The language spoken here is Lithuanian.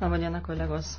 Labą dieną, kolegos.